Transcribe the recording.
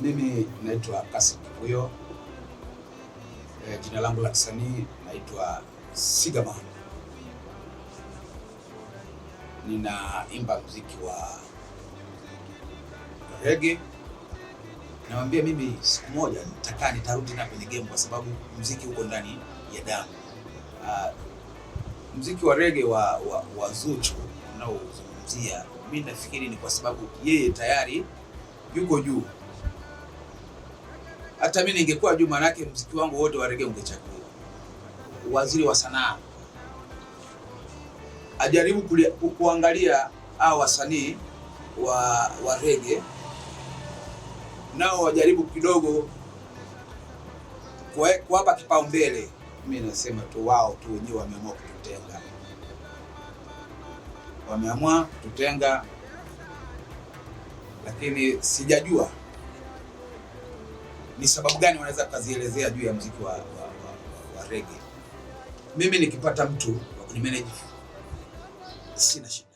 Mimi naitwa Kasim Kikuyo, e, eh, jina langu la kisanii naitwa Sigaman. Ninaimba muziki wa reggae. Nawambia mimi siku moja nitakaa nitarudi na kwenye game kwa sababu muziki uko ndani ya damu. mziki ah, muziki wa reggae wa, wa, wa Zuchu unaozungumzia mimi nafikiri ni kwa sababu yeye tayari yuko juu hata mimi ningekuwa juu, manake mziki wangu wote wa rege ungechaguliwa. Waziri wa sanaa ajaribu kuangalia hao wasanii wa, wa rege nao wajaribu kidogo kuwapa kipaumbele. Mimi nasema tu wao tu wenyewe wameamua kututenga, wameamua kututenga, lakini sijajua ni sababu gani wanaweza kuzielezea juu ya wa, wa, wa, wa, wa reggae? Mimi nikipata mtu wa kunimanage sina shida.